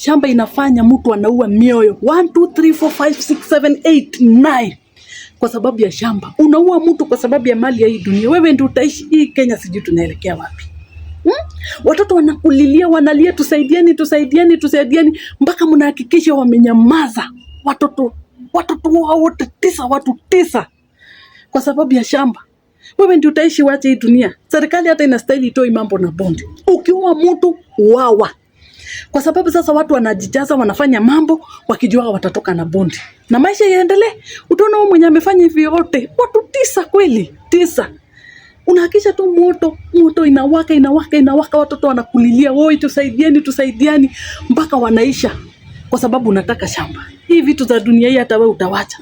Shamba inafanya mtu anaua mioyo 1 2 3 4 5 6 7 8 9 kwa sababu ya shamba. Unaua mtu kwa sababu ya mali ya hii dunia. Wewe ndio utaishi hii Kenya, sijui tunaelekea wapi? Hmm? Watoto wanakulilia wanalia, tusaidieni, tusaidieni, tusaidieni mpaka mnahakikisha wamenyamaza watoto watoto wao wote tisa, watu tisa kwa sababu ya shamba. Wewe ndio utaishi, wache hii dunia. Serikali hata inastahili itoi mambo na bondi. Ukiua mtu uawa kwa sababu sasa watu wanajijaza, wanafanya mambo wakijua watatoka na bondi na maisha yaendelee. Utaona wewe mwenye amefanya hivi yote, watu tisa, kweli tisa, unahakisha tu moto moto inawaka inawaka inawaka, watoto wanakulilia woi, tusaidieni tusaidiani, mpaka wanaisha, kwa sababu unataka shamba. Hii vitu za dunia hii, hata wewe utawacha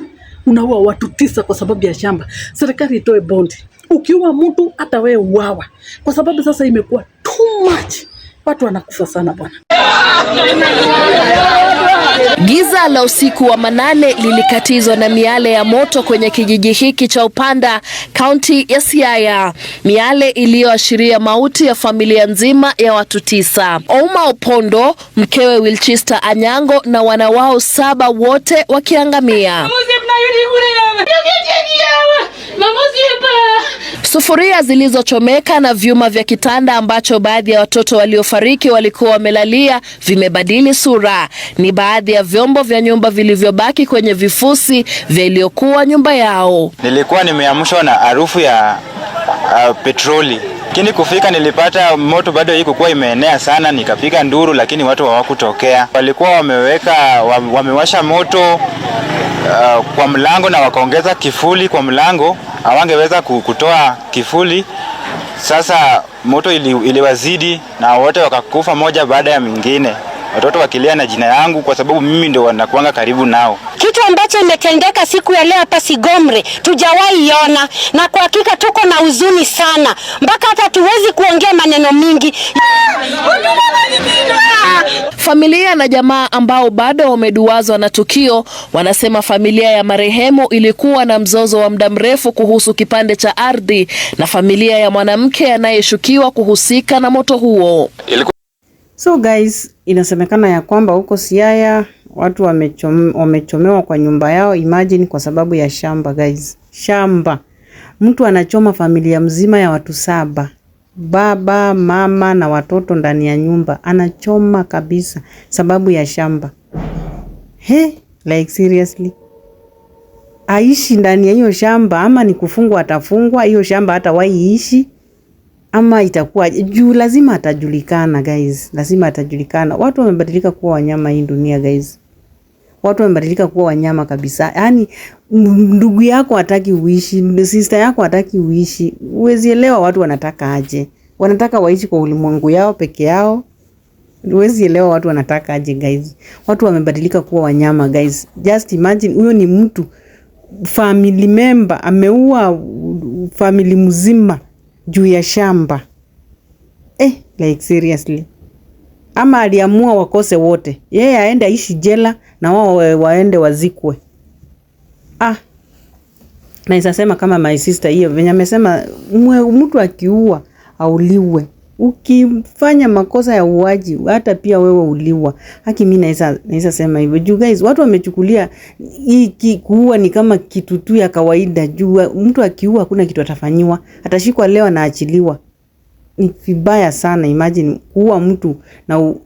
unaua watu tisa kwa sababu ya shamba. Serikali itoe bondi, ukiua mtu hata wewe uawa, kwa sababu sasa imekuwa too much, watu wanakufa sana bwana. Giza la usiku wa manane lilikatizwa na miale ya moto kwenye kijiji hiki cha Upanda, kaunti ya Siaya, miale iliyoashiria mauti ya familia nzima ya watu tisa. Ouma Opondo, mkewe Wilchester Anyango na wana wao saba, wote wakiangamia. Sufuria zilizochomeka na vyuma vya kitanda ambacho baadhi ya watoto waliofariki walikuwa wamelalia vimebadili sura. Ni baadhi ya vyombo vya nyumba vilivyobaki kwenye vifusi vya iliyokuwa nyumba yao. Nilikuwa nimeamshwa na harufu ya uh, petroli lakini kufika nilipata moto bado hii kukuwa imeenea sana, nikapiga nduru, lakini watu hawakutokea. Walikuwa wameweka wamewasha moto uh, kwa mlango na wakaongeza kifuli kwa mlango, hawangeweza kutoa kifuli. Sasa moto ili, iliwazidi na wote wakakufa moja baada ya mwingine watoto wakilea na jina yangu, kwa sababu mimi ndio wanakuanga karibu nao. Kitu ambacho imetendeka siku ya leo hapa Sigomre tujawahi iona, na kwa hakika tuko na huzuni sana, mpaka hata tuwezi kuongea maneno mingi. Familia na jamaa ambao bado wameduazwa na tukio wanasema familia ya marehemu ilikuwa na mzozo wa muda mrefu kuhusu kipande cha ardhi na familia ya mwanamke anayeshukiwa kuhusika na moto huo. So guys, Inasemekana ya kwamba huko Siaya watu wamechome, wamechomewa kwa nyumba yao imagine, kwa sababu ya shamba guys. Shamba mtu anachoma familia mzima ya watu saba, baba mama na watoto ndani ya nyumba, anachoma kabisa sababu ya shamba. He, like seriously aishi ndani ya hiyo shamba ama ni kufungwa? Atafungwa hiyo shamba hata waiishi ama itakuwa juu, lazima atajulikana guys, lazima atajulikana. Watu wamebadilika kuwa wanyama hii dunia guys, watu wamebadilika kuwa wanyama kabisa. Yani ndugu yako hataki uishi, sister yako hataki uishi, uwezielewa elewa watu wanataka aje. Wanataka waishi kwa ulimwengu yao peke yao. Huwezi elewa watu wanataka aje guys. Watu wamebadilika kuwa wanyama guys. Just imagine huyo ni mtu family member ameua family mzima juu ya shamba eh, like seriously. Ama aliamua wakose wote, yeye yeah, aende aishi jela na wao waende wazikwe. Ah, naisasema kama my sister hiyo venye amesema mtu akiua auliwe ukifanya makosa ya uaji hata pia wewe uliwa haki. Mimi naweza naweza sema hivyo juu, guys, watu wamechukulia hii kuua ni kama kitu tu ya kawaida. Juu uh, mtu akiua hakuna kitu atafanyiwa, atashikwa leo na achiliwa. Ni vibaya sana, imagine kuua mtu na u,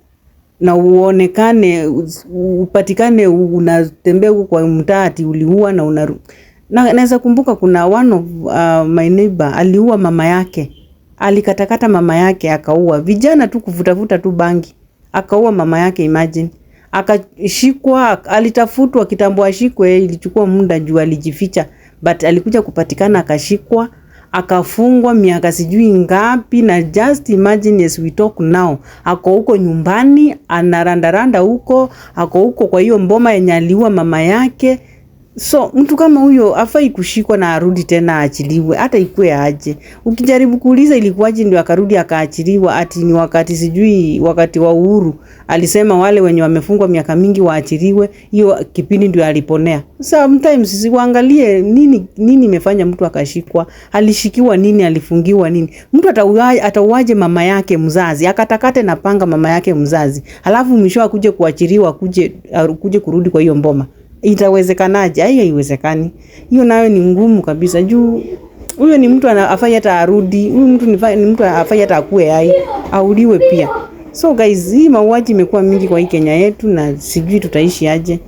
na uonekane upatikane unatembea huko kwa mtaa ati uliua na una na, naweza kumbuka kuna one of uh, my neighbor aliua mama yake alikatakata mama yake akaua, vijana tu kuvutavuta tu bangi, akaua mama yake. Imagine akashikwa, alitafutwa kitambo, ashikwe, ilichukua muda juu alijificha, but alikuja kupatikana, akashikwa akafungwa miaka sijui ngapi, na just imagine as we talk now, ako huko nyumbani anarandaranda huko, ako huko kwa hiyo mboma yenye aliua mama yake. So mtu kama huyo afai kushikwa na arudi tena aachiliwe, hata ikue aje. Ukijaribu kuuliza ilikuwaje ndio akarudi akaachiliwa, ati ni wakati sijui wakati wa uhuru alisema wale wenye wamefungwa miaka mingi waachiliwe, hiyo kipindi ndio aliponea. Sometimes sisi waangalie nini nini imefanya mtu akashikwa, alishikiwa nini, alifungiwa nini. Mtu atauaje mama yake mzazi akatakate na panga mama yake mzazi, halafu mwisho akuje kuachiliwa, kuje uh, kuje kurudi kwa hiyo mboma itawezekanaje? ai haiwezekani, hiyo nayo ni ngumu kabisa, juu huyo ni mtu afai hata arudi, huyu mtu ni mtu afai hata akue hai, auliwe pia. So guys, hii mauaji imekuwa mingi kwa hii Kenya yetu, na sijui tutaishi aje.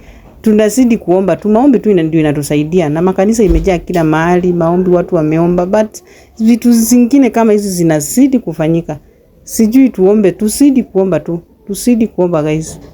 Tunazidi kuomba tu, maombi tu ndio inatusaidia, na makanisa imejaa kila mahali, maombi watu wameomba, but vitu zingine kama hizi zinazidi kufanyika. Sijui tuombe, tuzidi kuomba tu, tuzidi kuomba guys.